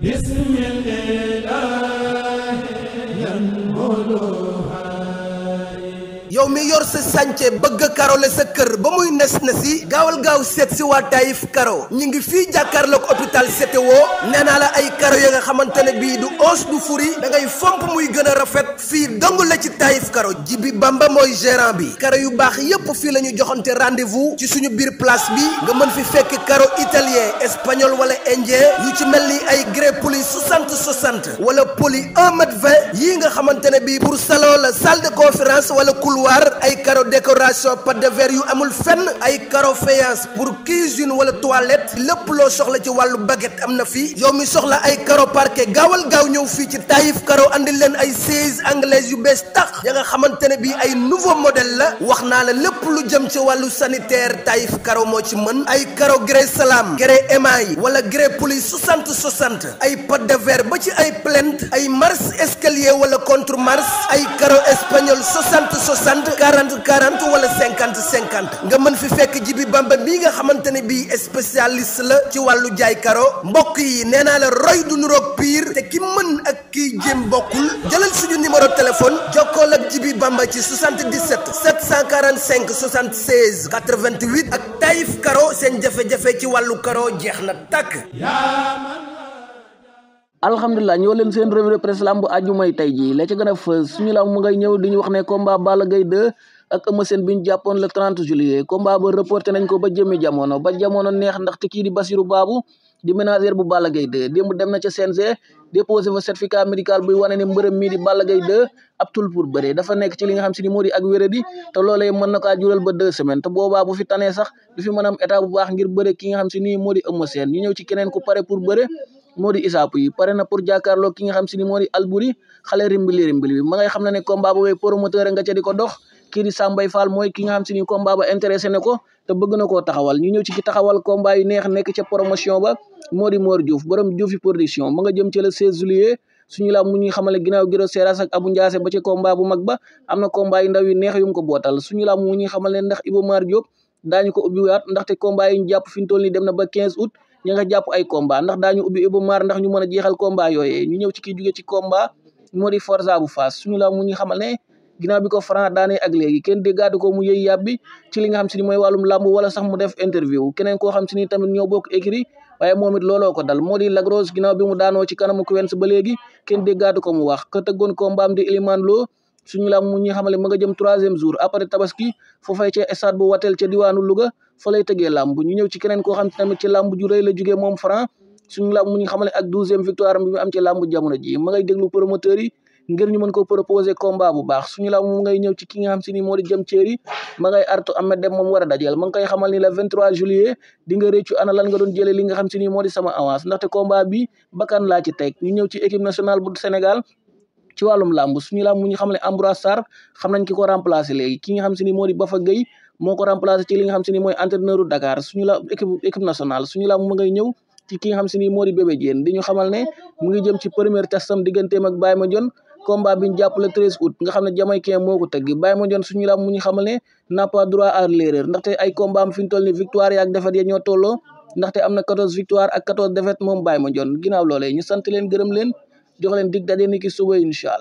bismillah yan mbooloo yow mi yor sa sànce bëgg karole sa kër ba muy nes na si gaawal gaaw seet si waa Taïf Karo ñi ngi fii jàkkaarloog hôpital CTO nee naa la ay karo ya nga xamante ne bii du os du furi da ngay fomp muy gën a rafet fii dong la ci Taïf Karo ji bi Bamba mooy gérant bi karo yu baax yépp fii la ñu joxante rendez-vous ci suñu biir place bi nga mën fi fekk karo italien espagnol wala indien yu ci mel ni ay grès poli 60 60 wala poli 1 mètre 20 nga xamante ne bii pour salon la salle de armoire ay carreaux décoration pâte de verre yu amul fenn ay carreaux faïence pour cuisine wala toilette lépp loo soxla ci wàllu bagget am na fii yow mi soxla ay carreaux parquet gaawal gaaw ñëw fii ci Taïf Carreaux andi leen ay chaises anglaises yu bees tax ya nga xamante ne bii ay nouveau model la wax naa la lépp lu jëm ci wàllu sanitaire Taïf Carreaux moo ci mën ay carreaux grès salam grès émail wala grès poli 60 60 ay pâte de verre ba ci ay plinthe ay marche escalier wala contre marche ay carreaux espagnol 60 40 40 wala 50 50 nga mën fi fekk Jibi Bamba mii nga xamante ne bii spécialiste la ci wàllu jaay karo mbokk yi nee naa la roy du nuroog pire te ki mën ak kiy jéem bokkul jëlal suñu numéro téléphone jokkool ak Jibi Bamba ci 77 745 76 88 ak Taïf Karo seen jafe-jafe ci wàllu karo jeex na tàkk. alhamdulilah ñoo leen seen revue de presse lamb bu tey jii la ca gën a fës suñu lamb di ñu wax ne combat Balla Gaye 2 ak Eumeu Sène bi ñu jàppoon le 30 juillet combat ba reporté nañ ko ba jëmmi jamono ba jamono neex ndaxte kii di Basirou Babou di ménagère bu Balla gay 2 dem na ca CNG déposé fa certificat médical bi wane ne mbërëm mii di Balla Gaye 2 ab tul dafa nekk ci li nga xam si ni moo di ak wéradi te loolee mën na kaa jural ba deux semaines te boobaa bu fi tanee sax fi mën am état bu baax ngir bëre ki nga xam si ni moo di Eumeu Sène ñu ñëw ci keneen ku pare pour bëre moo di Issa Pouye pare na pour jàkkaarloo ki nga xam si ni moo di Albouri xale rimbili rimbili bi ma ngay xam ne ne ko ba wooy promoteur nga ca di ko dox kii di Sambay Fall mooy ki nga xam si ni combat ba intéressé na ko te bëgg na koo taxawal ñu ñëw ci taxawal combat yu neex nekk ca promotion ba moo di Mor Diouf borom production ma nga jëm ci le 16 juillet suñu la mu ñuy xamale ginnaaw giro seras ak Abu Ndiasse ba ci combat bu mag ba am na combat yu ndaw yu neex yu mu ko bootal suñu la mu ñuy xamal ne ndax Ibou Mar Diop daañu ko ubbiwaat ndaxte yi dem na ba 15 août ña nga jàpp ay combat ndax daañu ubbi Iba Mar ndax ñu mën a jeexal combat yooyee ñu ñëw ci kii jóge ci combat moo di Forza bu Fass suñu la mu ñu xamal ne ginnaaw bi ko Franc daane ak léegi kenn déggaatu ko mu yëy yàbbi ci li nga xam si ni mooy wàllum làmb wala sax mu def interview keneen koo xam si ni tamit ñoo bokk écrit waaye moom it looloo ko dal moo di Lac Rose ginnaaw bi mu daanoo ci kanamu Quench ba léegi kenn déggaatu ko mu wax ka tëggoon kombaam di Elimane Lo suñu lam mu ñuy xamale ma nga jëm troisième jour après tabaski fu fay ca stade bu wateel ca diwaanu Louga fa lay tëgee làmb ñu ñëw ci keneen ko xam tamit ci làmb ju rëy la jugee moom Franc suñu lam mu ñuy xamale ak douzième victoire am ci làmb jamono ji ma ngay déglu promoteur yi ngir mën ko proposer combat bu baax suñu lam mu ngay ñëw ci ki nga xam si ni moo di jëm céeri ma ngay artu Ahmed Dem moom war a dajeel ma ngi koy xamal ni le 23 juillet di nga réccu ana lan nga doon jëlee li nga xam si ni moo di sama avance ndaxte combat bi bakkan laa ci teg ñu ñëw ci équipe nationale bu Sénégal ci wàllum làmb suñu làmb mu ñu xam ne xam nañ ki ko remplacé léegi ki nga xam se ni moo di Bafa Gueye moo ko remplacé ci li nga mooy entraîneur u Dakar suñu équipe nationale suñu làmb mu ñëw ki nga xam se ni moo di Bébé Diène di ñu xamal ne mu ngi jëm ci première testam digganteem ak Baye Mandione combat bi ñu nga xam ne jamaïcain moo ko tëgg Baye Mandione suñu làmb mu ñu xamal ne n'a pas droit à l'erreur ndaxte ay combat am fi ñu toll ni victoire yaak défaite ya ñoo ndaxte am na 14 victoire ak 14 défaite moom Baye Mandione ginnaaw loolee ñu sant leen gërëm leen jox leen dig daje ni ki suba incha